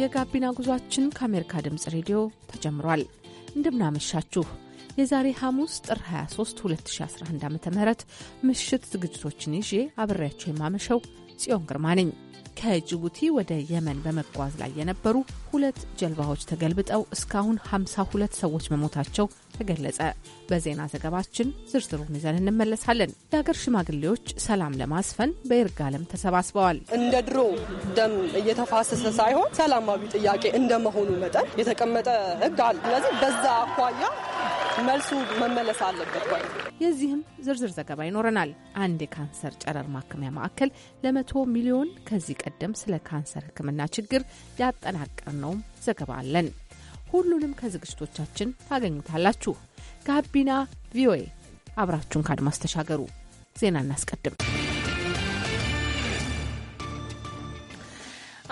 የጋቢና ጉዟችን ከአሜሪካ ድምፅ ሬዲዮ ተጀምሯል። እንደምናመሻችሁ የዛሬ ሐሙስ ጥር 23 2011 ዓ ም ምሽት ዝግጅቶችን ይዤ አብሬያቸው የማመሸው ጽዮን ግርማ ነኝ። ከጅቡቲ ወደ የመን በመጓዝ ላይ የነበሩ ሁለት ጀልባዎች ተገልብጠው እስካሁን 52 ሰዎች መሞታቸው ተገለጸ። በዜና ዘገባችን ዝርዝሩን ይዘን እንመለሳለን። የሀገር ሽማግሌዎች ሰላም ለማስፈን በይርጋለም ተሰባስበዋል። እንደ ድሮ ደም እየተፋሰሰ ሳይሆን ሰላማዊ ጥያቄ እንደመሆኑ መጠን የተቀመጠ ሕግ አለ። ስለዚህ በዛ አኳያ መልሱ መመለስ አለበት የዚህም ዝርዝር ዘገባ ይኖረናል። አንድ የካንሰር ጨረር ማከሚያ ማዕከል ለመቶ ሚሊዮን ከዚህ ቀደም ስለ ካንሰር ሕክምና ችግር ያጠናቀርነውም ዘገባ አለን። ሁሉንም ከዝግጅቶቻችን ታገኙታላችሁ። ጋቢና ቪኦኤ አብራችሁን ከአድማስ ተሻገሩ። ዜና እናስቀድም።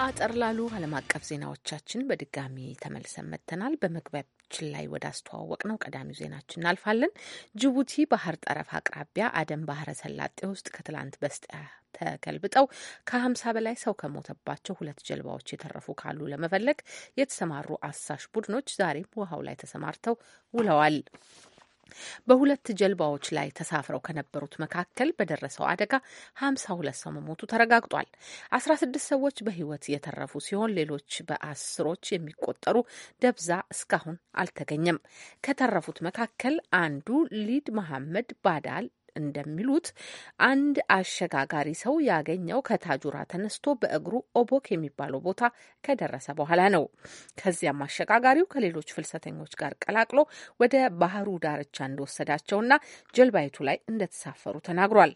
አጠር ላሉ ዓለም አቀፍ ዜናዎቻችን በድጋሚ ተመልሰን መጥተናል። በመግቢያ በነገራችን ላይ ወደ አስተዋወቅ ነው ቀዳሚው ዜናችን እናልፋለን። ጅቡቲ ባህር ጠረፍ አቅራቢያ አደን ባህረ ሰላጤ ውስጥ ከትላንት በስቲያ ተገልብጠው ከሀምሳ በላይ ሰው ከሞተባቸው ሁለት ጀልባዎች የተረፉ ካሉ ለመፈለግ የተሰማሩ አሳሽ ቡድኖች ዛሬም ውሃው ላይ ተሰማርተው ውለዋል። በሁለት ጀልባዎች ላይ ተሳፍረው ከነበሩት መካከል በደረሰው አደጋ 52 ሰው መሞቱ ተረጋግጧል። 16 ሰዎች በህይወት የተረፉ ሲሆን ሌሎች በአስሮች የሚቆጠሩ ደብዛ እስካሁን አልተገኘም። ከተረፉት መካከል አንዱ ሊድ መሐመድ ባዳል እንደሚሉት አንድ አሸጋጋሪ ሰው ያገኘው ከታጁራ ተነስቶ በእግሩ ኦቦክ የሚባለው ቦታ ከደረሰ በኋላ ነው። ከዚያም አሸጋጋሪው ከሌሎች ፍልሰተኞች ጋር ቀላቅሎ ወደ ባህሩ ዳርቻ እንደወሰዳቸውና ጀልባይቱ ላይ እንደተሳፈሩ ተናግሯል።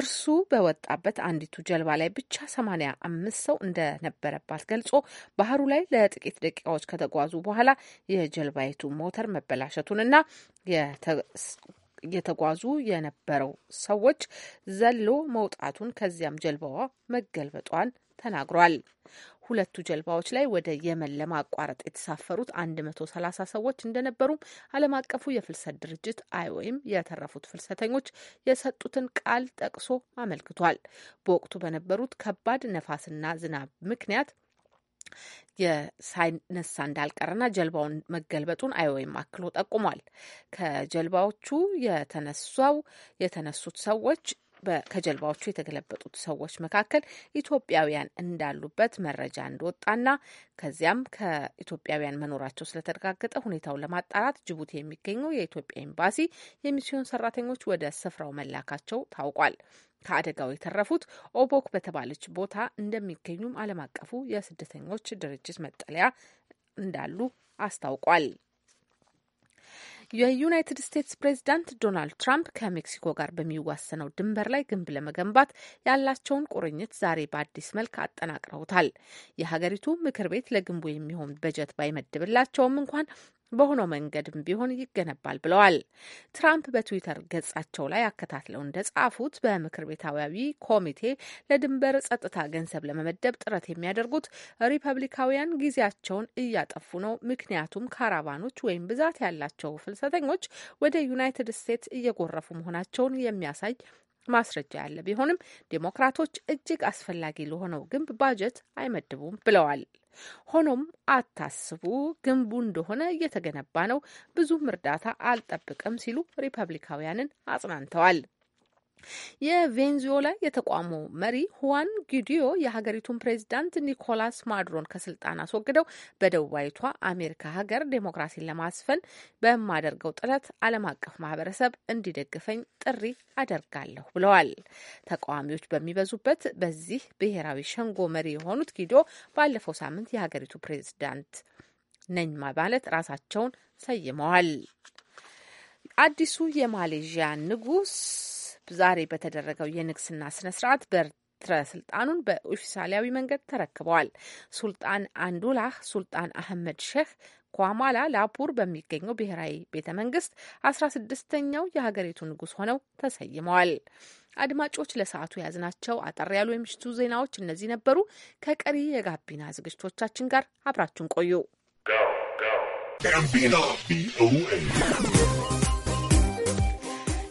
እርሱ በወጣበት አንዲቱ ጀልባ ላይ ብቻ ሰማንያ አምስት ሰው እንደነበረባት ገልጾ ባህሩ ላይ ለጥቂት ደቂቃዎች ከተጓዙ በኋላ የጀልባይቱ ሞተር መበላሸቱንና እየተጓዙ የነበረው ሰዎች ዘሎ መውጣቱን ከዚያም ጀልባዋ መገልበጧን ተናግሯል። ሁለቱ ጀልባዎች ላይ ወደ የመን ለማቋረጥ የተሳፈሩት 130 ሰዎች እንደነበሩም ዓለም አቀፉ የፍልሰት ድርጅት አይኦኤም የተረፉት ፍልሰተኞች የሰጡትን ቃል ጠቅሶ አመልክቷል። በወቅቱ በነበሩት ከባድ ነፋስና ዝናብ ምክንያት የሳይነሳ እንዳልቀረና ጀልባውን መገልበጡን አይወይም አክሎ ጠቁሟል። ከጀልባዎቹ የተነሳው የተነሱት ሰዎች ከጀልባዎቹ የተገለበጡት ሰዎች መካከል ኢትዮጵያውያን እንዳሉበት መረጃ እንደወጣና ከዚያም ከኢትዮጵያውያን መኖራቸው ስለተረጋገጠ ሁኔታውን ለማጣራት ጅቡቲ የሚገኘው የኢትዮጵያ ኤምባሲ የሚስዮን ሰራተኞች ወደ ስፍራው መላካቸው ታውቋል። ከአደጋው የተረፉት ኦቦክ በተባለች ቦታ እንደሚገኙም ዓለም አቀፉ የስደተኞች ድርጅት መጠለያ እንዳሉ አስታውቋል። የዩናይትድ ስቴትስ ፕሬዚዳንት ዶናልድ ትራምፕ ከሜክሲኮ ጋር በሚዋሰነው ድንበር ላይ ግንብ ለመገንባት ያላቸውን ቁርኝት ዛሬ በአዲስ መልክ አጠናቅረውታል። የሀገሪቱ ምክር ቤት ለግንቡ የሚሆን በጀት ባይመድብላቸውም እንኳን በሆነው መንገድም ቢሆን ይገነባል ብለዋል። ትራምፕ በትዊተር ገጻቸው ላይ አከታትለው እንደጻፉት በምክር ቤታዊ ኮሚቴ ለድንበር ጸጥታ ገንዘብ ለመመደብ ጥረት የሚያደርጉት ሪፐብሊካውያን ጊዜያቸውን እያጠፉ ነው። ምክንያቱም ካራቫኖች ወይም ብዛት ያላቸው ፍልሰተኞች ወደ ዩናይትድ ስቴትስ እየጎረፉ መሆናቸውን የሚያሳይ ማስረጃ ያለ ቢሆንም ዴሞክራቶች እጅግ አስፈላጊ ለሆነው ግንብ ባጀት አይመድቡም ብለዋል። ሆኖም አታስቡ፣ ግንቡ እንደሆነ እየተገነባ ነው፣ ብዙም እርዳታ አልጠብቅም ሲሉ ሪፐብሊካውያንን አጽናንተዋል። የቬንዙዌላ የተቋሙ መሪ ሁዋን ጊዲዮ የሀገሪቱን ፕሬዚዳንት ኒኮላስ ማድሮን ከስልጣን አስወግደው በደቡባዊቷ አሜሪካ ሀገር ዴሞክራሲን ለማስፈን በማደርገው ጥረት ዓለም አቀፍ ማህበረሰብ እንዲደግፈኝ ጥሪ አደርጋለሁ ብለዋል። ተቃዋሚዎች በሚበዙበት በዚህ ብሔራዊ ሸንጎ መሪ የሆኑት ጊዲዮ ባለፈው ሳምንት የሀገሪቱ ፕሬዚዳንት ነኝ ማለት ራሳቸውን ሰይመዋል። አዲሱ የማሌዥያ ንጉስ ዛሬ በተደረገው የንግስና ስነ ስርዓት በኤርትራ ስልጣኑን በኦፊሳላዊ መንገድ ተረክበዋል። ሱልጣን አንዱላህ ሱልጣን አህመድ ሼህ ኳማላ ላፑር በሚገኘው ብሔራዊ ቤተ መንግስት አስራ ስድስተኛው የሀገሪቱ ንጉስ ሆነው ተሰይመዋል። አድማጮች ለሰዓቱ የያዝናቸው አጠር ያሉ የምሽቱ ዜናዎች እነዚህ ነበሩ። ከቀሪ የጋቢና ዝግጅቶቻችን ጋር አብራችሁን ቆዩ።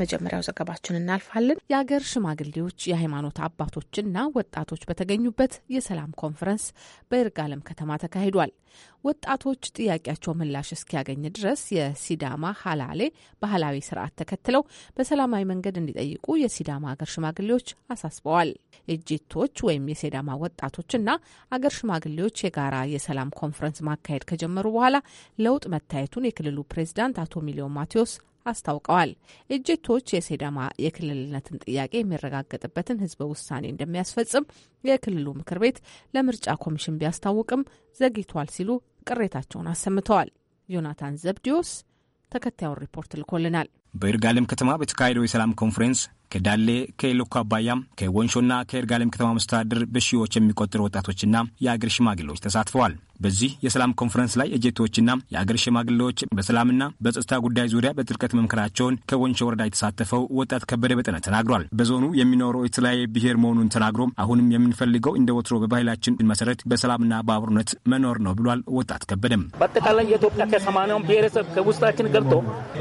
መጀመሪያው ዘገባችን እናልፋለን። የአገር ሽማግሌዎች፣ የሃይማኖት አባቶችና ወጣቶች በተገኙበት የሰላም ኮንፈረንስ በይርጋለም ከተማ ተካሂዷል። ወጣቶች ጥያቄያቸው ምላሽ እስኪያገኝ ድረስ የሲዳማ ሀላሌ ባህላዊ ስርዓት ተከትለው በሰላማዊ መንገድ እንዲጠይቁ የሲዳማ አገር ሽማግሌዎች አሳስበዋል። እጅቶች ወይም የሲዳማ ወጣቶችና አገር ሽማግሌዎች የጋራ የሰላም ኮንፈረንስ ማካሄድ ከጀመሩ በኋላ ለውጥ መታየቱን የክልሉ ፕሬዚዳንት አቶ ሚሊዮን ማቴዎስ አስታውቀዋል። እጀቶች የሲዳማ የክልልነትን ጥያቄ የሚረጋገጥበትን ህዝበ ውሳኔ እንደሚያስፈጽም የክልሉ ምክር ቤት ለምርጫ ኮሚሽን ቢያስታውቅም ዘግይቷል ሲሉ ቅሬታቸውን አሰምተዋል። ዮናታን ዘብዲዮስ ተከታዩን ሪፖርት ልኮልናል። በይርጋለም ከተማ በተካሄደው የሰላም ኮንፈረንስ ከዳሌ ከኢሉኩ አባያ ከወንሾና ከይርጋለም ከተማ መስተዳድር በሺዎች የሚቆጠሩ ወጣቶችና የአገር ሽማግሌዎች ተሳትፈዋል። በዚህ የሰላም ኮንፈረንስ ላይ እጀቶችና የአገር ሽማግሌዎች በሰላምና በጸጥታ ጉዳይ ዙሪያ በጥልቀት መምከራቸውን ከወንሾ ወረዳ የተሳተፈው ወጣት ከበደ በጠነ ተናግሯል። በዞኑ የሚኖረው የተለያየ ብሔር መሆኑን ተናግሮ አሁንም የምንፈልገው እንደ ወትሮ በባህላችን መሰረት በሰላምና በአብሮነት መኖር ነው ብሏል። ወጣት ከበደም በአጠቃላይ የኢትዮጵያ ከሰማንያውን ብሔረሰብ ከውስጣችን ገብቶ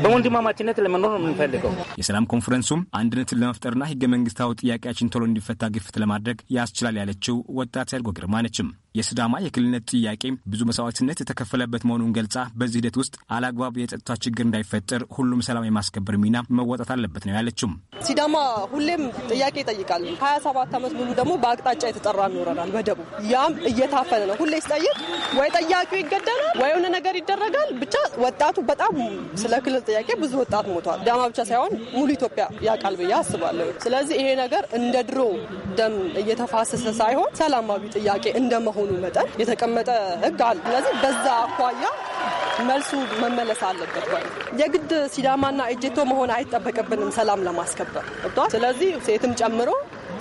በወንድማማችነት ለመኖር ነው የምንፈልገው። የሰላም ኮንፈረንሱም አንድነት ለመፍጠርና ህገ መንግስታዊ ጥያቄያችን ቶሎ እንዲፈታ ግፊት ለማድረግ ያስችላል ያለችው ወጣት ያድጎ ግርማ ነችም። የስዳማ የክልልነት ጥያቄ ብዙ መስዋዕትነት የተከፈለበት መሆኑን ገልጻ በዚህ ሂደት ውስጥ አላግባብ የጸጥታ ችግር እንዳይፈጠር ሁሉም ሰላም የማስከበር ሚና መወጣት አለበት ነው ያለችም። ሲዳማ ሁሌም ጥያቄ ይጠይቃል። ሀያ ሰባት ዓመት ሙሉ ደግሞ በአቅጣጫ የተጠራ ኖረናል። በደቡብ ያም እየታፈነ ነው። ሁሌ ሲጠይቅ ወይ ጠያቂው ይገደላል ወይ የሆነ ነገር ይደረጋል። ብቻ ወጣቱ በጣም ስለ ክልል ጥያቄ ብዙ ወጣት ሞቷል። ዳማ ብቻ ሳይሆን ሙሉ ኢትዮጵያ ያውቃል ብዬ አስባለሁ። ስለዚህ ይሄ ነገር እንደ ድሮ ደም እየተፋሰሰ ሳይሆን ሰላማዊ ጥያቄ እንደመሆ እንደመሆኑ መጠን የተቀመጠ ህግ አለ። ስለዚህ በዛ አኳያ መልሱ መመለስ አለበት። ወይ የግድ ሲዳማና እጀቶ መሆን አይጠበቅብንም ሰላም ለማስከበር። ስለዚህ ሴትም ጨምሮ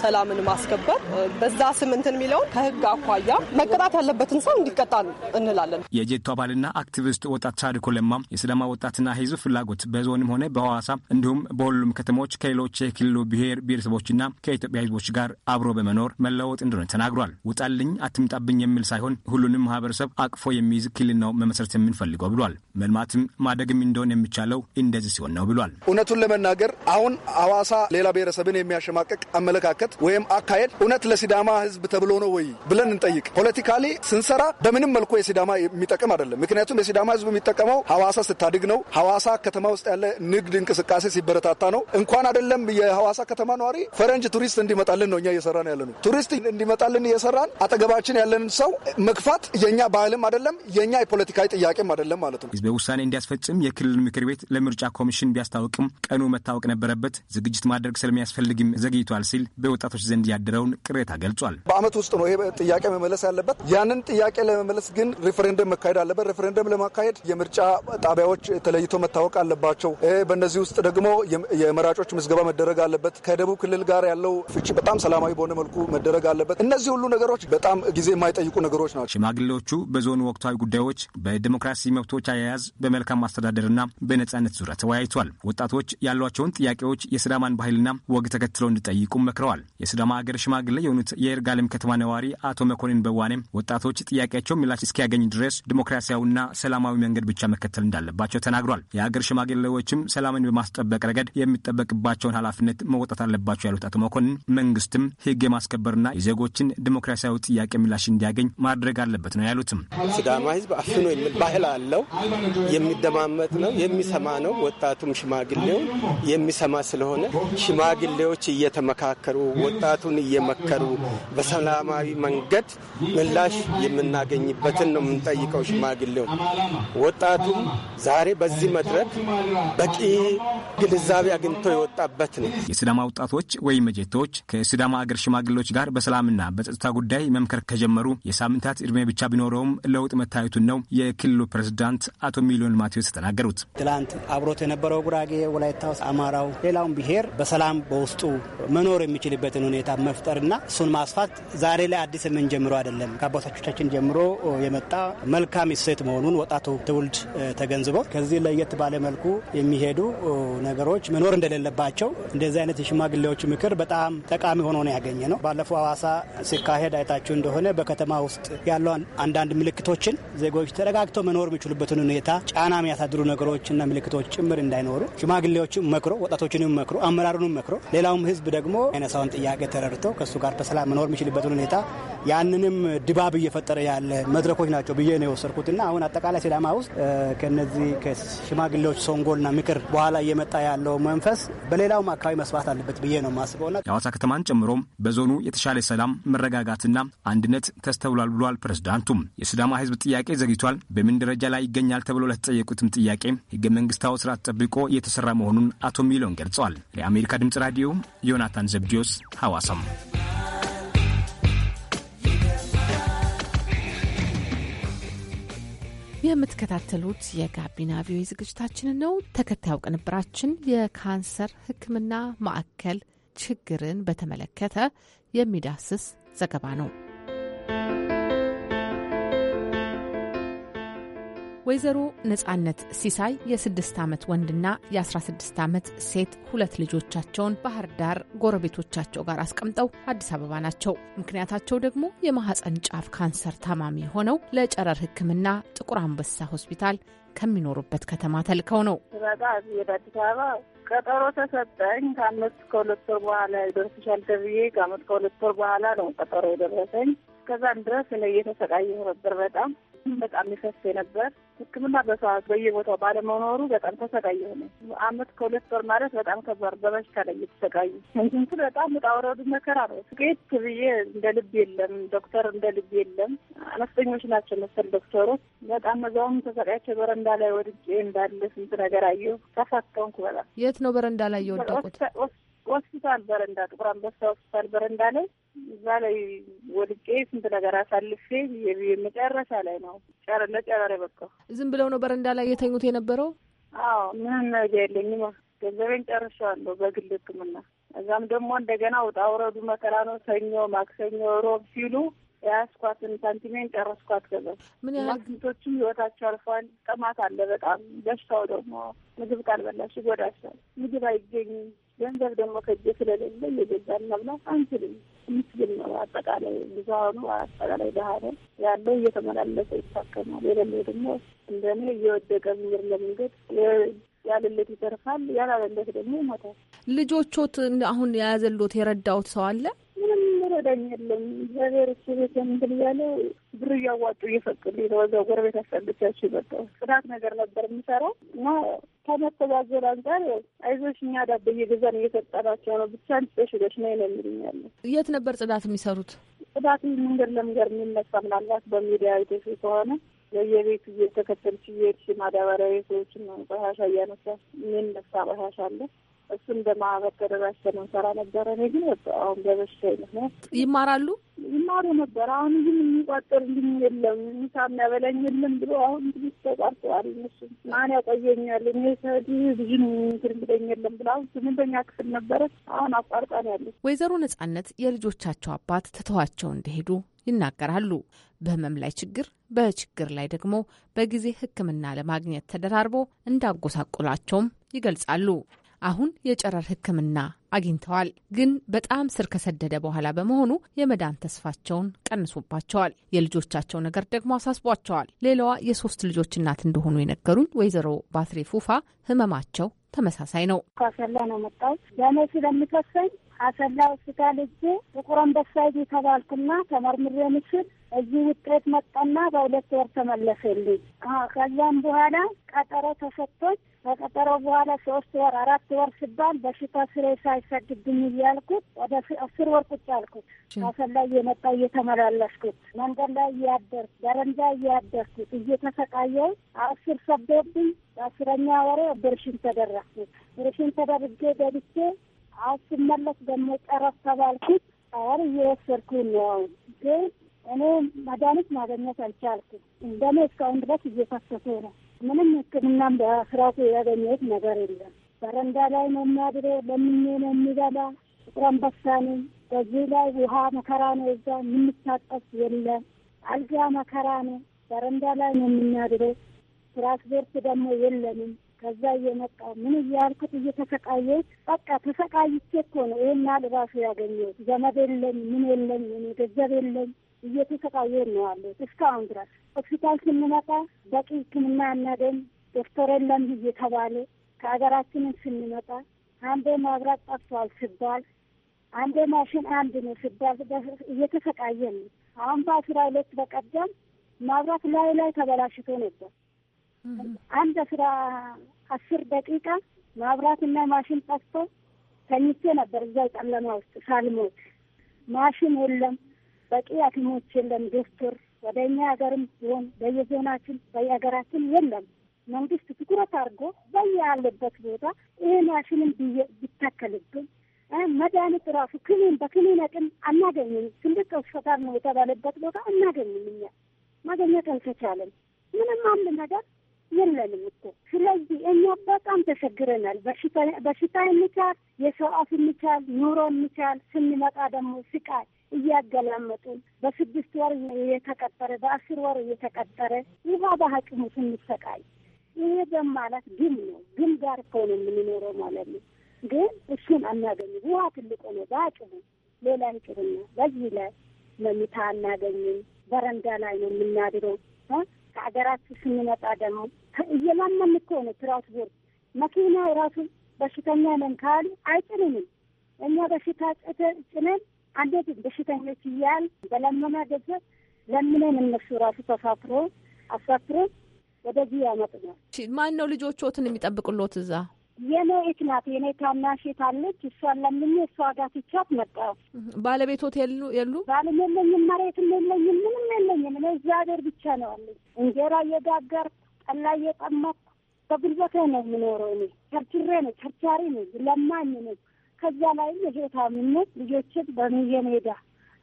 ሰላምን ማስከበር በዛ ስም እንትን የሚለውን ከህግ አኳያ መቀጣት ያለበትን ሰው እንዲቀጣ እንላለን። የጄቱ አባልና አክቲቪስት ወጣት ሳድኮ ለማ የሲዳማ ወጣትና ህዝብ ፍላጎት በዞንም ሆነ በሐዋሳ እንዲሁም በሁሉም ከተሞች ከሌሎች የክልሉ ብሔር ብሔረሰቦችና ከኢትዮጵያ ህዝቦች ጋር አብሮ በመኖር መለወጥ እንደሆነ ተናግሯል። ውጣልኝ አትምጣብኝ የሚል ሳይሆን ሁሉንም ማህበረሰብ አቅፎ የሚይዝ ክልል ነው መመስረት የምንፈልገው ብሏል። መልማትም ማደግም እንደሆነ የሚቻለው እንደዚህ ሲሆን ነው ብሏል። እውነቱን ለመናገር አሁን ሐዋሳ ሌላ ብሔረሰብን የሚያሸማቀቅ አመለካከት አመለካከት ወይም አካሄድ እውነት ለሲዳማ ህዝብ ተብሎ ነው ወይ ብለን እንጠይቅ። ፖለቲካሊ ስንሰራ በምንም መልኩ የሲዳማ የሚጠቅም አይደለም። ምክንያቱም የሲዳማ ህዝብ የሚጠቀመው ሐዋሳ ስታድግ ነው። ሐዋሳ ከተማ ውስጥ ያለ ንግድ እንቅስቃሴ ሲበረታታ ነው። እንኳን አይደለም የሐዋሳ ከተማ ነዋሪ ፈረንጅ ቱሪስት እንዲመጣልን ነው እኛ እየሰራን ያለ ነው። ቱሪስት እንዲመጣልን እየሰራን አጠገባችን ያለንን ሰው መግፋት የእኛ ባህልም አይደለም የእኛ የፖለቲካዊ ጥያቄም አይደለም ማለት ነው። ህዝበ ውሳኔ እንዲያስፈጽም የክልል ምክር ቤት ለምርጫ ኮሚሽን ቢያስታውቅም ቀኑ መታወቅ ነበረበት። ዝግጅት ማድረግ ስለሚያስፈልግም ዘግይቷል ሲል በወጣ በወጣቶች ዘንድ ያደረውን ቅሬታ ገልጿል። በአመት ውስጥ ነው ይሄ ጥያቄ መመለስ ያለበት። ያንን ጥያቄ ለመመለስ ግን ሪፈረንደም መካሄድ አለበት። ሪፈረንደም ለማካሄድ የምርጫ ጣቢያዎች ተለይቶ መታወቅ አለባቸው። በእነዚህ ውስጥ ደግሞ የመራጮች ምዝገባ መደረግ አለበት። ከደቡብ ክልል ጋር ያለው ፍቺ በጣም ሰላማዊ በሆነ መልኩ መደረግ አለበት። እነዚህ ሁሉ ነገሮች በጣም ጊዜ የማይጠይቁ ነገሮች ናቸው። ሽማግሌዎቹ በዞኑ ወቅታዊ ጉዳዮች፣ በዲሞክራሲ መብቶች አያያዝ፣ በመልካም አስተዳደርና በነጻነት ዙሪያ ተወያይቷል። ወጣቶች ያሏቸውን ጥያቄዎች የስዳማን ባህልና ወግ ተከትለው እንዲጠይቁ መክረዋል። የስዳማ ሀገር ሽማግሌ የሆኑት የይርጋለም ከተማ ነዋሪ አቶ መኮንን በዋኔም ወጣቶች ጥያቄያቸው ምላሽ እስኪያገኝ ድረስ ዲሞክራሲያዊና ሰላማዊ መንገድ ብቻ መከተል እንዳለባቸው ተናግሯል። የሀገር ሽማግሌዎችም ሰላምን በማስጠበቅ ረገድ የሚጠበቅባቸውን ኃላፊነት መወጣት አለባቸው ያሉት አቶ መኮንን መንግስትም ህግ የማስከበርና የዜጎችን ዲሞክራሲያዊ ጥያቄ ምላሽ እንዲያገኝ ማድረግ አለበት ነው ያሉትም። ስዳማ ህዝብ አፍኖ የሚል ባህል አለው። የሚደማመጥ ነው፣ የሚሰማ ነው። ወጣቱም ሽማግሌው የሚሰማ ስለሆነ ሽማግሌዎች እየተመካከሩ ወጣቱን እየመከሩ በሰላማዊ መንገድ ምላሽ የምናገኝበትን ነው የምንጠይቀው። ሽማግሌው ወጣቱም ዛሬ በዚህ መድረክ በቂ ግንዛቤ አግኝቶ የወጣበት ነው። የስዳማ ወጣቶች ወይም መጀቶች ከስዳማ አገር ሽማግሌዎች ጋር በሰላምና በጸጥታ ጉዳይ መምከር ከጀመሩ የሳምንታት እድሜ ብቻ ቢኖረውም ለውጥ መታየቱን ነው የክልሉ ፕሬዝዳንት አቶ ሚሊዮን ማቴዎስ የተናገሩት። ትላንት አብሮት የነበረው ጉራጌ፣ ወላይታውስ፣ አማራው፣ ሌላውን ብሄር በሰላም በውስጡ መኖር የሚችል የሚችሉበትን ሁኔታ መፍጠርና እሱን ማስፋት ዛሬ ላይ አዲስ ጀምሮ አይደለም። ከአባቶቻችን ጀምሮ የመጣ መልካም እሴት መሆኑን ወጣቱ ትውልድ ተገንዝቦ ከዚህ ለየት ባለ መልኩ የሚሄዱ ነገሮች መኖር እንደሌለባቸው እንደዚህ አይነት የሽማግሌዎች ምክር በጣም ጠቃሚ ሆኖ ነው ያገኘ ነው። ባለፈው ሐዋሳ ሲካሄድ አይታችሁ እንደሆነ በከተማ ውስጥ ያሉ አንዳንድ ምልክቶችን ዜጎች ተረጋግተው መኖር የሚችሉበትን ሁኔታ ጫና የሚያሳድሩ ነገሮችና ምልክቶች ጭምር እንዳይኖሩ ሽማግሌዎችም መክሮ ወጣቶችንም መክሮ አመራሩንም መክሮ ሌላውም ሕዝብ ደግሞ አይነሳውን ጥያቄ ተረድቶ ከእሱ ጋር በሰላም መኖር የሚችልበትን ሁኔታ ያንንም ድባብ እየፈጠረ ያለ መድረኮች ናቸው ብዬ ነው የወሰድኩትና አሁን አጠቃላይ ሲዳማ ውስጥ ከነዚህ ከሽማግሌዎች ሶንጎልና ምክር በኋላ እየመጣ ያለው መንፈስ በሌላውም አካባቢ መስፋት አለበት ብዬ ነው የማስበውና የሐዋሳ ከተማን ጨምሮ በዞኑ የተሻለ ሰላም፣ መረጋጋትና አንድነት ተስተውሏል ብሏል ፕሬዝዳንቱም። የሲዳማ ህዝብ ጥያቄ ዘግይቷል፣ በምን ደረጃ ላይ ይገኛል ተብሎ ለተጠየቁትም ጥያቄ ህገ መንግስታዊ ስርዓት ጠብቆ እየተሰራ መሆኑን አቶ ሚሊዮን ገልጸዋል። ለአሜሪካ ድምጽ ራዲዮ ዮናታን ዘብዲዮስ ሐዋሳም የምትከታተሉት የጋቢና ቪኦኤ ዝግጅታችንን ነው። ተከታዩ ቅንብራችን የካንሰር ሕክምና ማዕከል ችግርን በተመለከተ የሚዳስስ ዘገባ ነው። ወይዘሮ ነጻነት ሲሳይ የስድስት ዓመት ወንድና የ16 ዓመት ሴት ሁለት ልጆቻቸውን ባህር ዳር ጎረቤቶቻቸው ጋር አስቀምጠው አዲስ አበባ ናቸው። ምክንያታቸው ደግሞ የማህፀን ጫፍ ካንሰር ታማሚ ሆነው ለጨረር ሕክምና ጥቁር አንበሳ ሆስፒታል ከሚኖሩበት ከተማ ተልከው ነው። ቀጠሮ ተሰጠኝ። ከአመት ከሁለት ወር በኋላ ይደርስሻል ተብዬ ከአመት ከሁለት ወር በኋላ ነው ቀጠሮ የደረሰኝ። እስከዛን ድረስ እኔ እየተሰቃየሁ ነበር። በጣም በጣም ይፈስ ነበር ሕክምና በሰዋት በየቦታው ባለመኖሩ በጣም ተሰቃየ ሆነ። አመት ከሁለት ወር ማለት በጣም ከባድ በበሽታ ላይ እየተሰቃዩ እንትን በጣም ጣውረዱ መከራ ነው። ስቄት ብዬ እንደ ልብ የለም ዶክተር እንደ ልብ የለም። አነስተኞች ናቸው መሰል ዶክተሮች። በጣም መዛውም ተሰቃያቸው። በረንዳ ላይ ወድቄ እንዳለ ስንት ነገር አየሁ። ተፈተንኩ። በጣም የት ነው በረንዳ ላይ የወደቁት? ሆስፒታል በረንዳ ጥቁር አንበሳ ሆስፒታል በረንዳ ላይ እዛ ላይ ወድቄ ስንት ነገር አሳልፌ የመጨረሻ ላይ ነው ጨር ለጨረር የበቃው። ዝም ብለው ነው በረንዳ ላይ እየተኙት የነበረው? አዎ ምን ነገ የለኝም። ገንዘቤን ጨርሻለሁ በግል ሕክምና። እዛም ደግሞ እንደገና ውጣ ውረዱ መከራ ነው። ሰኞ፣ ማክሰኞ፣ ሮብ ሲሉ የያዝኳትን ሳንቲሜን ጨረስኳት። ገዛ ምን ያህል ግንቶቹም ህይወታቸው አልፏል። ጥማት አለ በጣም በሽታው ደግሞ ምግብ ካልበላሽ ይጎዳሻል። ምግብ አይገኝም ገንዘብ ደግሞ ከእጄ ስለሌለ የገዛን መብላት አንችልም። ምስግን ነው። አጠቃላይ ብዙሀኑ አጠቃላይ ባህረ ያለው እየተመላለሰ ይታከማል። የሌለው ደግሞ እንደኔ እየወደቀ ምር ለመንገድ ያለለት ይተርፋል፣ ያላለለት ደግሞ ይሞታል። ልጆቾት አሁን የያዘሎት የረዳውት ሰው አለ ምንም ረዳኝ የለም እግዚአብሔር እሱ ቤት የምንትል እያለ ብር እያዋጡ እየፈቅዱ የተወዛው ጎረቤት አስጠልቻቸው ይመጣው ጽዳት ነገር ነበር የምሰራው እና ከመተዛዘር አንጻር አይዞች እኛ ዳበ እየገዛን እየሰጠናቸው ነው ብቻ ንስጠሽሎች ነው ነው የት ነበር ጽዳት የሚሰሩት? ጽዳት መንገድ ለመንገድ የሚነሳ ምናልባት በሚዲያ ቤቶች ከሆነ የቤት እየተከተልች እየሄድሽ ማዳበሪያ ቤቶችን ቆሻሻ እያነሳ የሚነሳ ቆሻሻ አለ እሱን በማህበር ተደራጅተን እንሰራ ነበረ። እኔ ግን አሁን በበሽታዬ ምክንያት ይማራሉ ይማሩ ነበር። አሁን ግን የሚቋጠርልኝ የለም ምሳ የሚያበላኝ የለም ብሎ አሁን እንግዲህ ተቋርጠዋል። እነሱ ማን ያቆየኛል? እኔ ሰዲ ብዙን ትርግደኝ የለም ብሎ አሁን ስምንተኛ ክፍል ነበረ አሁን አቋርጣን ያለ ወይዘሮ ነጻነት የልጆቻቸው አባት ትተዋቸው እንደሄዱ ይናገራሉ። በህመም ላይ ችግር፣ በችግር ላይ ደግሞ በጊዜ ሕክምና ለማግኘት ተደራርቦ እንዳጎሳቆላቸውም ይገልጻሉ። አሁን የጨረር ሕክምና አግኝተዋል። ግን በጣም ስር ከሰደደ በኋላ በመሆኑ የመዳን ተስፋቸውን ቀንሶባቸዋል። የልጆቻቸው ነገር ደግሞ አሳስቧቸዋል። ሌላዋ የሶስት ልጆች እናት እንደሆኑ የነገሩኝ ወይዘሮ ባትሬ ፉፋ ህመማቸው ተመሳሳይ ነው። ካሰላ ነው መጣው ለእኔ ስለሚከሰኝ አሰላ ሆስፒታል እጅ ጥቁር አንበሳ የተባልኩና ተመርምሬ ምስል እዚህ ውጤት መጣና በሁለት ወር ተመለሰልኝ። ከዛም በኋላ ቀጠሮ ተሰጥቶኝ ከቀጠሮ በኋላ ሶስት ወር አራት ወር ሲባል በሽታ ስሬ ሳይሰድብኝ እያልኩት ወደ አስር ወር ቁጭ አልኩት። አሰላ ላይ እየመጣ እየተመላለስኩት መንገድ ላይ እያደርኩ ደረንዳ እያደርኩት እየተሰቃየው አስር ሰበብኝ። በአስረኛ ወሬ ብርሽን ተደረግኩት። ብርሽን ተደርጌ ገብቼ አስመለስ ደግሞ ጨረስ ተባልኩት። አር እየወሰድኩኝ ነው ግን እኔ መድኃኒት ማገኘት አልቻልኩም። እንደኔ እስካሁን ድረስ እየፈሰሰ ነው። ምንም ሕክምናም በስራቱ ያገኘት ነገር የለም። በረንዳ ላይ ነው የሚያድረው። ለምኜ ነው የሚበላ ቁጥረን አንበሳኔ። በዚህ ላይ ውሃ መከራ ነው። እዛ የምታጠፍ የለም። አልጋ መከራ ነው። በረንዳ ላይ ነው የምናድረው። ትራንስፖርት ደግሞ የለንም። ከዛ እየመጣሁ ምን እያልኩት እየተሰቃየሁት በቃ ተሰቃይቼ እኮ ነው ይህን ያህል ራሱ ያገኘሁት። ዘመድ የለኝ ምን የለኝ እኔ ገንዘብ የለኝ እየተሰቃየሁ ነው ያለሁት እስካሁን ድረስ። ሆስፒታል ስንመጣ በቂ ሕክምና አናገኝ ዶክተር የለም እየተባለ ከሀገራችንን ስንመጣ አንዴ መብራት ጠፍቷል ሲባል አንዴ ማሽን አንድ ነው ሲባል እየተሰቃየን ነው። አሁን በአስራ ሁለት በቀደም መብራት ላይ ላይ ተበላሽቶ ነበር አንድ አስራ አስር ደቂቃ መብራትና ማሽን ጠፍቶ ተኝቼ ነበር። እዛ ጨለማ ውስጥ ሳልሞት ማሽን የለም፣ በቂ ሐኪሞች የለም፣ ዶክተር ወደ እኛ ሀገርም ቢሆን በየዞናችን በየሀገራችን የለም። መንግስት ትኩረት አድርጎ በያለበት ቦታ ይሄ ማሽንም ቢተከልብን መድኃኒት ራሱ ክኒን በክኒን አቅም አናገኝም። ትልቅ ሆስፒታል ነው የተባለበት ቦታ አናገኝም። እኛ ማገኘት አልተቻለም። ምንም አንድ ነገር የለንም እኮ። ስለዚህ እኛ በጣም ተቸግረናል። በሽታ የሚቻል የሰው አፍ የሚቻል ኑሮ የሚቻል ስንመጣ ደግሞ ስቃይ እያገላመጡን በስድስት ወር እየተቀጠረ በአስር ወር እየተቀጠረ ውሃ በሀቅሙ ስንሰቃይ ይሄ ደም ማለት ግም ነው። ግም ጋር ከሆነ የምንኖረው ማለት ነው። ግን እሱን አናገኝም። ውሃ ትልቅ ነው። በአቅሙ ሌላ ይቅርና በዚህ ላይ መኝታ አናገኝም። በረንዳ ላይ ነው የምናድረው። ከሀገራችን ስንመጣ ደግሞ እየለመን እኮ ነው ትራንስፖርት መኪና ራሱ በሽተኛ ነን ካሉ አይጭንንም። እኛ በሽታ ጭነን አንዴት በሽተኞች እያል በለመና ገንዘብ ለምነን እነሱ ራሱ ተሳፍሮ አሳፍሮ ወደዚህ ያመጡናል። ማን ነው ልጆችዎትን የሚጠብቅሎት እዛ? የኔ እህት ናት። የኔ ታናሽ አለች። እሷን ለምኜ እሷ ጋር ትቻት መጣሁ። ባለቤት ሆቴል የሉ ባልም የለኝም፣ መሬትም የለኝም፣ ምንም የለኝም። እኔ እዛ ሀገር ብቻ ነው አለኝ። እንጀራ እየጋገር ጠላ እየጠመኩ በጉልበቴ ነው የምኖረው። እኔ ቸርችሬ ነው፣ ቸርቻሪ ነው፣ ለማኝ ነው። ከዚያ ላይም ይሄ ታምኜ ልጆችን በሚዬ ሜዳ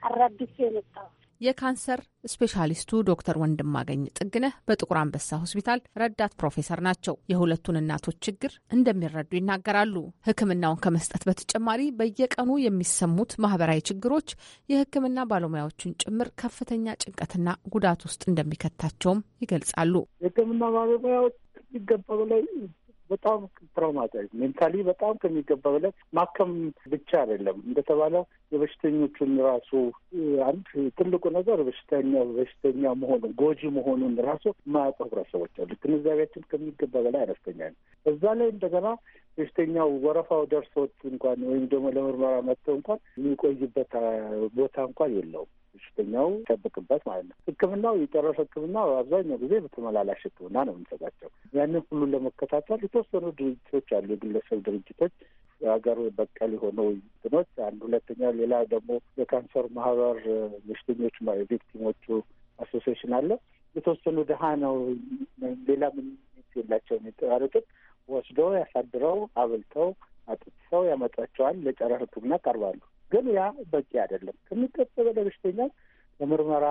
አራድቼ መጣሁ። የካንሰር ስፔሻሊስቱ ዶክተር ወንድማገኝ ጥግነህ በጥቁር አንበሳ ሆስፒታል ረዳት ፕሮፌሰር ናቸው። የሁለቱን እናቶች ችግር እንደሚረዱ ይናገራሉ። ሕክምናውን ከመስጠት በተጨማሪ በየቀኑ የሚሰሙት ማህበራዊ ችግሮች የሕክምና ባለሙያዎቹን ጭምር ከፍተኛ ጭንቀትና ጉዳት ውስጥ እንደሚከታቸውም ይገልጻሉ። የሕክምና ባለሙያዎች ይገባ በላይ በጣም ትራውማታይዝ ሜንታሊ በጣም ከሚገባ በላይ ማከም ብቻ አይደለም እንደተባለው የበሽተኞቹን ራሱ አንድ ትልቁ ነገር በሽተኛ በሽተኛ መሆኑ ጎጂ መሆኑን ራሱ ማያውቁ ህብረተሰቦች አሉ። ግንዛቤያችን ከሚገባ በላይ አነስተኛ ነው። እዛ ላይ እንደገና በሽተኛው ወረፋው ደርሶት እንኳን ወይም ደግሞ ለምርመራ መጥተው እንኳን የሚቆይበት ቦታ እንኳን የለውም። በሽተኛው ይጠብቅበት ማለት ነው። ህክምናው የጨረሰ ህክምና አብዛኛው ጊዜ በተመላላሽ ህክምና ነው የምንሰጣቸው። ያንን ሁሉን ለመከታተል የተወሰኑ ድርጅቶች አሉ፣ የግለሰብ ድርጅቶች የሀገር በቀል የሆነ ውይይትኖች አንድ ሁለተኛ፣ ሌላ ደግሞ የካንሰር ማህበር በሽተኞች ቪክቲሞቹ አሶሴሽን አለ። የተወሰኑ ድሀ ነው ሌላ ምን የላቸው የተባሉትን ወስዶ ያሳድረው አብልተው አጥጥሰው ያመጧቸዋል። ለጨረር ህክምና ቀርባሉ። ግን ያ በቂ አይደለም። ከሚቀጥበ ለበሽተኛ ለምርመራ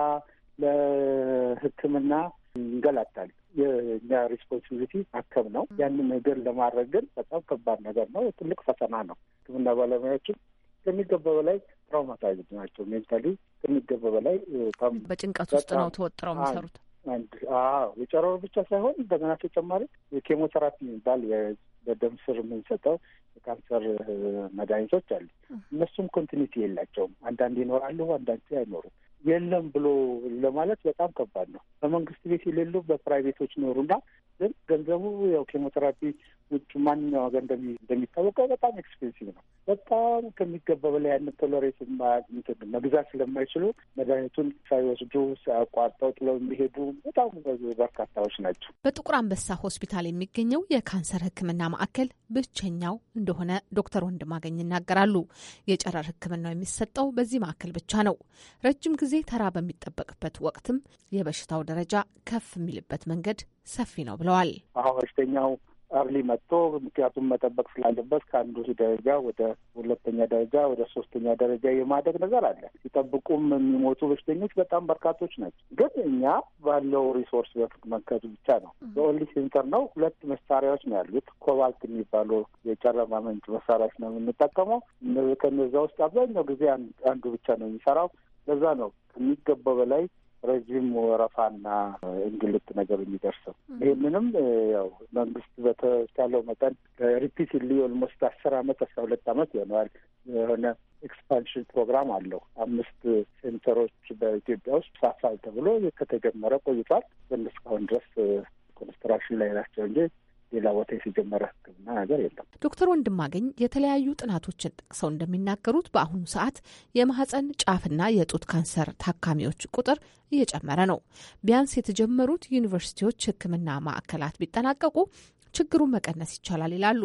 ለሕክምና እንገላታል። የእኛ ሪስፖንሲቢሊቲ አከም ነው። ያንን ነገር ለማድረግ ግን በጣም ከባድ ነገር ነው። ትልቅ ፈተና ነው። ሕክምና ባለሙያዎችም ከሚገባ በላይ ትራውማታይዝ ናቸው። ሜንታሊ ከሚገባ በላይ በጭንቀት ውስጥ ነው ተወጥረው የሚሰሩት። አንድ የጨረሩ ብቻ ሳይሆን እንደገና ተጨማሪ የኬሞቴራፒ የሚባል በደም ስር የምንሰጠው የካንሰር መድኃኒቶች አሉ። እነሱም ኮንቲኒቲ የላቸውም። አንዳንድ ይኖራሉ፣ አንዳንድ አይኖሩም። የለም ብሎ ለማለት በጣም ከባድ ነው። በመንግስት ቤት የሌሉ በፕራይቬቶች ኖሩና ግን ገንዘቡ ያው ኬሞቴራፒ ውጭ ማንኛው ወገን እንደሚታወቀው በጣም ኤክስፔንሲቭ ነው። በጣም ከሚገባ በላይ ያንን ቶሎሬት መግዛት ስለማይችሉ መድኃኒቱን ሳይወስዱ ሳያቋርጠው ጥለው የሚሄዱ በጣም በርካታዎች ናቸው። በጥቁር አንበሳ ሆስፒታል የሚገኘው የካንሰር ሕክምና ማዕከል ብቸኛው እንደሆነ ዶክተር ወንድማገኝ ይናገራሉ። የጨረር ሕክምናው የሚሰጠው በዚህ ማዕከል ብቻ ነው። ረጅም ጊዜ ተራ በሚጠበቅበት ወቅትም የበሽታው ደረጃ ከፍ የሚልበት መንገድ ሰፊ ነው ብለዋል። አሁን በሽተኛው አርሊ መጥቶ ምክንያቱም መጠበቅ ስላለበት ከአንዱ ደረጃ ወደ ሁለተኛ ደረጃ ወደ ሶስተኛ ደረጃ የማደግ ነገር አለ። ሲጠብቁም የሚሞቱ በሽተኞች በጣም በርካቶች ናቸው። ግን እኛ ባለው ሪሶርስ በመከቱ ብቻ ነው። በኦንሊ ሴንተር ነው ሁለት መሳሪያዎች ነው ያሉት። ኮባልት የሚባሉ የጨረማ ምንጭ መሳሪያዎች ነው የምንጠቀመው። ከነዛ ውስጥ አብዛኛው ጊዜ አንዱ ብቻ ነው የሚሰራው። ለዛ ነው ከሚገባው በላይ ረዥም ወረፋና እንግልት ነገር የሚደርሰው። ይህንንም ያው መንግስት በተቻለው መጠን ሪፒትሊ ኦልሞስት አስር አመት አስራ ሁለት አመት ይሆነዋል የሆነ ኤክስፓንሽን ፕሮግራም አለው። አምስት ሴንተሮች በኢትዮጵያ ውስጥ ሳፋል ተብሎ ከተጀመረ ቆይቷል። እስካሁን ድረስ ኮንስትራክሽን ላይ ናቸው እንጂ ሌላ ቦታ የተጀመረ ሕክምና ነገር የለም። ዶክተር ወንድማገኝ የተለያዩ ጥናቶችን ጠቅሰው እንደሚናገሩት በአሁኑ ሰዓት የማህፀን ጫፍና የጡት ካንሰር ታካሚዎች ቁጥር እየጨመረ ነው። ቢያንስ የተጀመሩት ዩኒቨርሲቲዎች ሕክምና ማዕከላት ቢጠናቀቁ ችግሩን መቀነስ ይቻላል ይላሉ።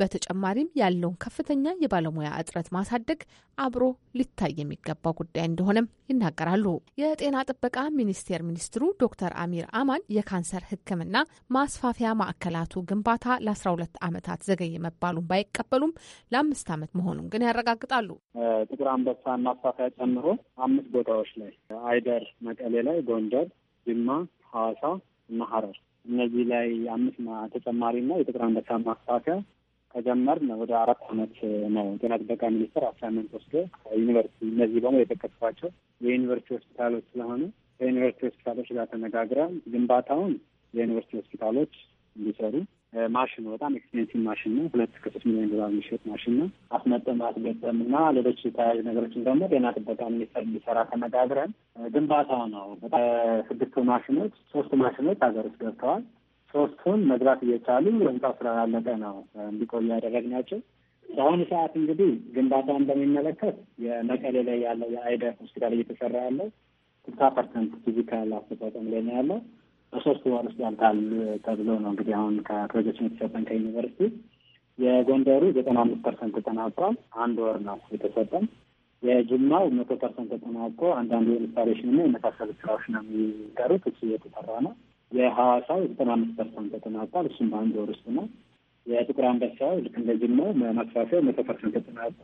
በተጨማሪም ያለውን ከፍተኛ የባለሙያ እጥረት ማሳደግ አብሮ ሊታይ የሚገባው ጉዳይ እንደሆነም ይናገራሉ። የጤና ጥበቃ ሚኒስቴር ሚኒስትሩ ዶክተር አሚር አማን የካንሰር ሕክምና ማስፋፊያ ማዕከላቱ ግንባታ ለ12 ዓመታት ዘገየ መባሉን ባይቀበሉም ለአምስት ዓመት መሆኑን ግን ያረጋግጣሉ። ጥቁር አንበሳን ማስፋፊያ ጨምሮ አምስት ቦታዎች ላይ አይደር መቀሌ ላይ፣ ጎንደር፣ ጅማ፣ ሐዋሳ እና ሐረር እነዚህ ላይ አምስት ተጨማሪና የጥቁር አንበሳ ማስፋፊያ ከጀመርን ወደ አራት አመት ነው። ጤና ጥበቃ ሚኒስቴር አሳይመንት ወስዶ ዩኒቨርሲቲ እነዚህ ደግሞ የጠቀስኳቸው የዩኒቨርሲቲ ሆስፒታሎች ስለሆኑ ከዩኒቨርሲቲ ሆስፒታሎች ጋር ተነጋግረን ግንባታውን የዩኒቨርሲቲ ሆስፒታሎች እንዲሰሩ ማሽን ነው። በጣም ኤክስፔንሲቭ ማሽን ነው። ሁለት ከሶስት ሚሊዮን ዶላር የሚሸጥ ማሽን ነው። አስመጠም አስገጠም እና ሌሎች ተያያዥ ነገሮችን ደግሞ ጤና ጥበቃ ሚኒስቴር እንዲሰራ ተነጋግረን ግንባታው ነው። ስድስቱ ማሽኖች ሶስቱ ማሽኖች ሀገር ውስጥ ገብተዋል። ሶስቱን መግባት እየቻሉ ህንጻው ስላላለቀ ነው እንዲቆዩ ያደረግናቸው። በአሁኑ ሰዓት እንግዲህ ግንባታ እንደሚመለከት የመቀሌ ላይ ያለው የአይደር ሆስፒታል እየተሰራ ያለው ስልሳ ፐርሰንት ፊዚካል አፈጻጸም ላይ ነው ያለው በሶስት ወር ውስጥ ያልቃል ተብሎ ነው እንግዲህ አሁን ከፕሮጀክሽን የተሰጠን ከዩኒቨርሲቲ የጎንደሩ ዘጠና አምስት ፐርሰንት ተጠናቋል። አንድ ወር ነው የተሰጠን። የጅማው መቶ ፐርሰንት ተጠናቆ አንዳንዱ የኢንስታሌሽንና የመሳሰሉ ስራዎች ነው የሚቀሩት። እሱ የተሰራ ነው። የሐዋሳው ዘጠና አምስት ፐርሰንት ተጠናቋል። እሱም በአንድ ወር ውስጥ ነው። የጥቁር አንበሳው ልክ እንደ ጅማው ማስፋፊያው መቶ ፐርሰንት ተጠናቆ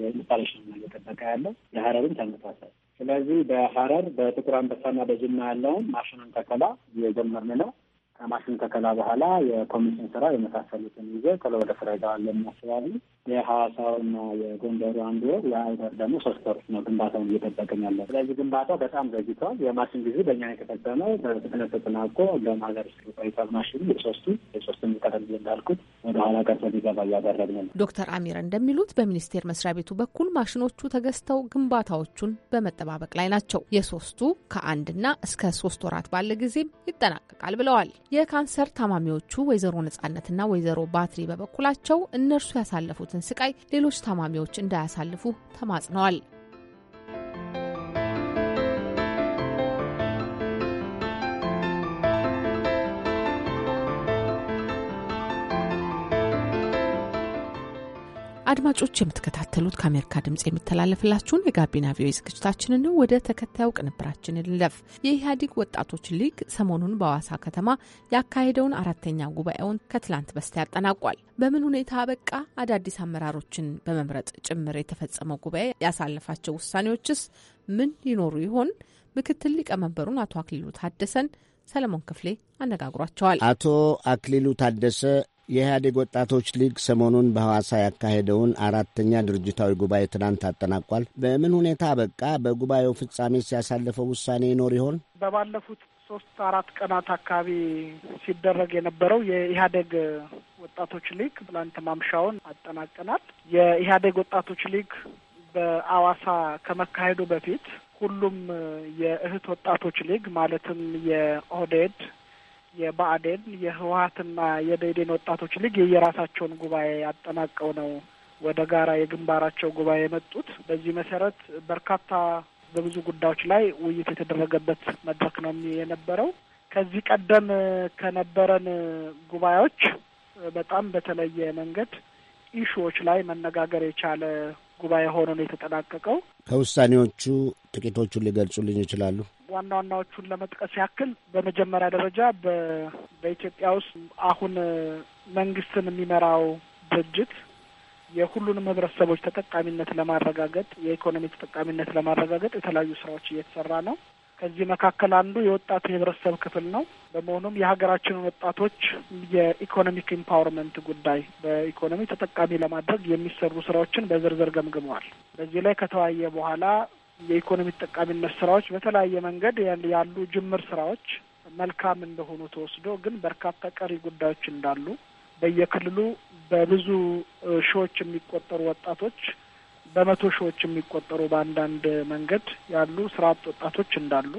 የኢንስታሌሽን ነው እየጠበቀ ያለው። የሀረርም ተመሳሳይ ስለዚህ በሀረር በጥቁር አንበሳና በጅማ ያለውን ማሽኑን ተከላ እየጀመርን ነው። ከማሽን ተከላ በኋላ የኮሚሽን ስራ የመሳሰሉትን ይዘ ቶሎ ወደ ስራ ይገባል የሚያስባሉ የሐዋሳውና የጎንደሩ አንድ ወር የአይበር ደግሞ ሶስት ወር ነው ግንባታውን እየጠበቅን ያለ። ስለዚህ ግንባታው በጣም ዘግይቷል። የማሽን ጊዜ በእኛ የተፈጸመው በፍጥነት ተጠናቆ ለማዘር ቆይቷል። ማሽኑ የሶስቱ የሶስቱ ቀደም እንዳልኩት ወደ ኋላ ቀርቶ ሊገባ እያደረግን ነው። ዶክተር አሚር እንደሚሉት በሚኒስቴር መስሪያ ቤቱ በኩል ማሽኖቹ ተገዝተው ግንባታዎቹን በመጠባበቅ ላይ ናቸው። የሶስቱ ከአንድና እስከ ሶስት ወራት ባለ ጊዜም ይጠናቀቃል ብለዋል። የካንሰር ታማሚዎቹ ወይዘሮ ነጻነትና ወይዘሮ ባትሪ በበኩላቸው እነርሱ ያሳለፉት። የሚደርስበትን ስቃይ ሌሎች ታማሚዎች እንዳያሳልፉ ተማጽነዋል። አድማጮች የምትከታተሉት ከአሜሪካ ድምፅ የሚተላለፍላችሁን የጋቢና ቪኦኤ ዝግጅታችንን ነው። ወደ ተከታዩ ቅንብራችን ልለፍ። የኢህአዴግ ወጣቶች ሊግ ሰሞኑን በአዋሳ ከተማ ያካሄደውን አራተኛ ጉባኤውን ከትላንት በስቲያ ያጠናቋል። በምን ሁኔታ አበቃ? አዳዲስ አመራሮችን በመምረጥ ጭምር የተፈጸመው ጉባኤ ያሳለፋቸው ውሳኔዎችስ ምን ሊኖሩ ይሆን? ምክትል ሊቀመንበሩን አቶ አክሊሉ ታደሰን ሰለሞን ክፍሌ አነጋግሯቸዋል። አቶ አክሊሉ ታደሰ የኢህአዴግ ወጣቶች ሊግ ሰሞኑን በሐዋሳ ያካሄደውን አራተኛ ድርጅታዊ ጉባኤ ትናንት አጠናቋል። በምን ሁኔታ በቃ በጉባኤው ፍጻሜ ሲያሳለፈው ውሳኔ ይኖር ይሆን? በባለፉት ሶስት አራት ቀናት አካባቢ ሲደረግ የነበረው የኢህአዴግ ወጣቶች ሊግ ትላንት ማምሻውን አጠናቀናል። የኢህአዴግ ወጣቶች ሊግ በአዋሳ ከመካሄዱ በፊት ሁሉም የእህት ወጣቶች ሊግ ማለትም የኦህዴድ የባአዴን የህወሀትና የደኢዴን ወጣቶች ሊግ የየራሳቸውን ጉባኤ ያጠናቀው ነው ወደ ጋራ የግንባራቸው ጉባኤ የመጡት። በዚህ መሰረት በርካታ በብዙ ጉዳዮች ላይ ውይይት የተደረገበት መድረክ ነው የነበረው። ከዚህ ቀደም ከነበረን ጉባኤዎች በጣም በተለየ መንገድ ኢሹዎች ላይ መነጋገር የቻለ ጉባኤ ሆኖ ነው የተጠናቀቀው። ከውሳኔዎቹ ጥቂቶቹን ሊገልጹልኝ ይችላሉ? ዋና ዋናዎቹን ለመጥቀስ ያክል በመጀመሪያ ደረጃ በኢትዮጵያ ውስጥ አሁን መንግስትን የሚመራው ድርጅት የሁሉንም ህብረተሰቦች ተጠቃሚነት ለማረጋገጥ የኢኮኖሚ ተጠቃሚነት ለማረጋገጥ የተለያዩ ስራዎች እየተሰራ ነው። ከዚህ መካከል አንዱ የወጣቱ የህብረተሰብ ክፍል ነው። በመሆኑም የሀገራችንን ወጣቶች የኢኮኖሚክ ኢምፓወርመንት ጉዳይ በኢኮኖሚ ተጠቃሚ ለማድረግ የሚሰሩ ስራዎችን በዝርዝር ገምግመዋል። በዚህ ላይ ከተወያየ በኋላ የኢኮኖሚ ተጠቃሚነት ስራዎች በተለያየ መንገድ ያሉ ጅምር ስራዎች መልካም እንደሆኑ ተወስዶ ግን በርካታ ቀሪ ጉዳዮች እንዳሉ በየክልሉ በብዙ ሺዎች የሚቆጠሩ ወጣቶች በመቶ ሺዎች የሚቆጠሩ በአንዳንድ መንገድ ያሉ ስራ አጥ ወጣቶች እንዳሉ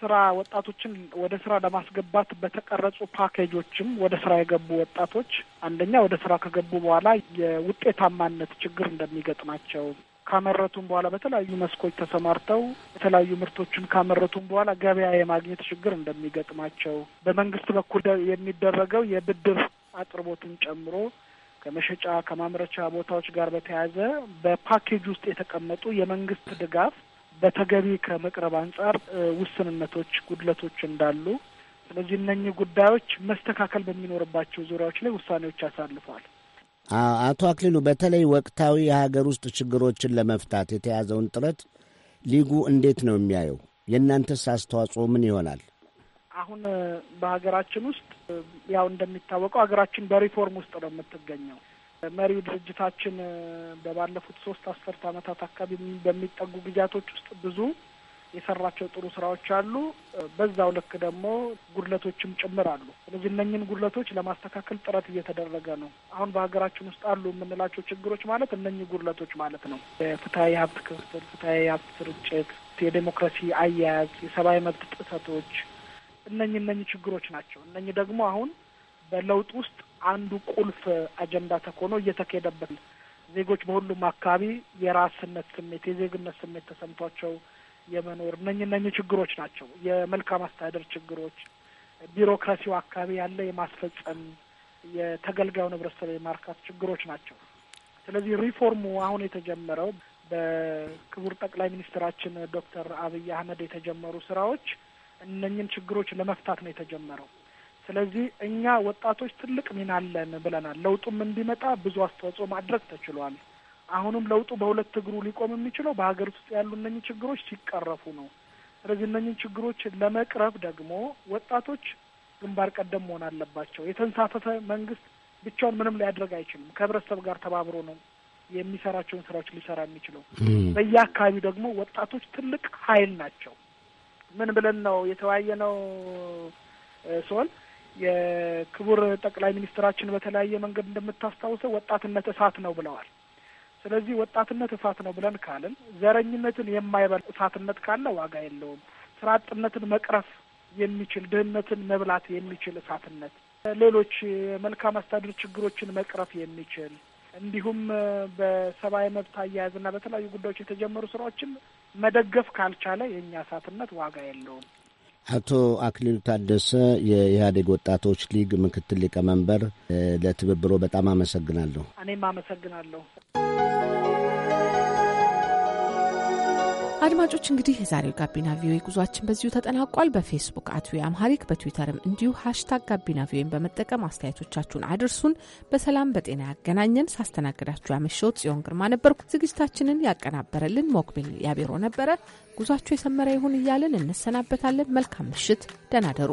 ስራ ወጣቶችን ወደ ስራ ለማስገባት በተቀረጹ ፓኬጆችም ወደ ስራ የገቡ ወጣቶች አንደኛ ወደ ስራ ከገቡ በኋላ የውጤታማነት ችግር እንደሚገጥማቸው ካመረቱም በኋላ በተለያዩ መስኮች ተሰማርተው የተለያዩ ምርቶችን ካመረቱም በኋላ ገበያ የማግኘት ችግር እንደሚገጥማቸው በመንግስት በኩል የሚደረገው የብድር አቅርቦትን ጨምሮ ከመሸጫ ከማምረቻ ቦታዎች ጋር በተያያዘ በፓኬጅ ውስጥ የተቀመጡ የመንግስት ድጋፍ በተገቢ ከመቅረብ አንጻር ውስንነቶች፣ ጉድለቶች እንዳሉ ስለዚህ እነኚህ ጉዳዮች መስተካከል በሚኖርባቸው ዙሪያዎች ላይ ውሳኔዎች አሳልፏል። አቶ አክሊሉ በተለይ ወቅታዊ የሀገር ውስጥ ችግሮችን ለመፍታት የተያዘውን ጥረት ሊጉ እንዴት ነው የሚያየው? የእናንተስ አስተዋጽኦ ምን ይሆናል? አሁን በሀገራችን ውስጥ ያው እንደሚታወቀው ሀገራችን በሪፎርም ውስጥ ነው የምትገኘው። መሪው ድርጅታችን በባለፉት ሶስት አስርት ዓመታት አካባቢ በሚጠጉ ጊዜያቶች ውስጥ ብዙ የሰራቸው ጥሩ ስራዎች አሉ። በዛው ልክ ደግሞ ጉድለቶችም ጭምር አሉ። ስለዚህ እነኝን ጉድለቶች ለማስተካከል ጥረት እየተደረገ ነው። አሁን በሀገራችን ውስጥ አሉ የምንላቸው ችግሮች ማለት እነኚህ ጉድለቶች ማለት ነው። የፍትሀዊ ሀብት ክፍፍል፣ ፍትሀዊ ሀብት ስርጭት፣ የዴሞክራሲ አያያዝ፣ የሰብአዊ መብት ጥሰቶች እነኚህ እነኚህ ችግሮች ናቸው። እነኚህ ደግሞ አሁን በለውጥ ውስጥ አንዱ ቁልፍ አጀንዳ ተኮኖ እየተካሄደበት ዜጎች በሁሉም አካባቢ የራስነት ስሜት የዜግነት ስሜት ተሰምቷቸው የመኖር እነኝ እነኝ ችግሮች ናቸው። የመልካም አስተዳደር ችግሮች፣ ቢሮክራሲው አካባቢ ያለ የማስፈጸም የተገልጋዩ ህብረተሰብ የማርካት ችግሮች ናቸው። ስለዚህ ሪፎርሙ አሁን የተጀመረው በክቡር ጠቅላይ ሚኒስትራችን ዶክተር አብይ አህመድ የተጀመሩ ስራዎች እነኝን ችግሮች ለመፍታት ነው የተጀመረው። ስለዚህ እኛ ወጣቶች ትልቅ ሚና አለን ብለናል። ለውጡም እንዲመጣ ብዙ አስተዋጽኦ ማድረግ ተችሏል። አሁንም ለውጡ በሁለት እግሩ ሊቆም የሚችለው በሀገሪቱ ውስጥ ያሉ እነኝን ችግሮች ሲቀረፉ ነው። ስለዚህ እነኝን ችግሮች ለመቅረብ ደግሞ ወጣቶች ግንባር ቀደም መሆን አለባቸው። የተንሳፈፈ መንግስት ብቻውን ምንም ሊያደርግ አይችልም። ከህብረተሰብ ጋር ተባብሮ ነው የሚሰራቸውን ስራዎች ሊሰራ የሚችለው። በየአካባቢው ደግሞ ወጣቶች ትልቅ ኃይል ናቸው። ምን ብለን ነው የተወያየነው ነው ሲሆን የክቡር ጠቅላይ ሚኒስትራችን በተለያየ መንገድ እንደምታስታውሰው ወጣትነት እሳት ነው ብለዋል። ስለዚህ ወጣትነት እሳት ነው ብለን ካልን ዘረኝነትን የማይበል እሳትነት ካለ ዋጋ የለውም። ስራ አጥነትን መቅረፍ የሚችል ድህነትን መብላት የሚችል እሳትነት፣ ሌሎች መልካም አስተዳደር ችግሮችን መቅረፍ የሚችል እንዲሁም በሰብአዊ መብት አያያዝና በተለያዩ ጉዳዮች የተጀመሩ ስራዎችን መደገፍ ካልቻለ የእኛ እሳትነት ዋጋ የለውም። አቶ አክሊሉ ታደሰ የኢህአዴግ ወጣቶች ሊግ ምክትል ሊቀመንበር፣ ለትብብሮ በጣም አመሰግናለሁ። እኔም አመሰግናለሁ። አድማጮች እንግዲህ የዛሬው ጋቢና ቪኦኤ ጉዟችን በዚሁ ተጠናቋል። በፌስቡክ አት ቪኦኤ አምሃሪክ በትዊተርም እንዲሁ ሀሽታግ ጋቢና ቪኦኤን በመጠቀም አስተያየቶቻችሁን አድርሱን። በሰላም በጤና ያገናኘን። ሳስተናግዳችሁ ያመሸው ጽዮን ግርማ ነበርኩ። ዝግጅታችንን ያቀናበረልን ሞክቢል ያቢሮ ነበረ። ጉዟችሁ የሰመረ ይሁን እያልን እንሰናበታለን። መልካም ምሽት፣ ደህና ደሩ።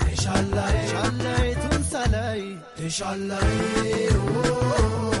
inshallah. Oh, oh, oh.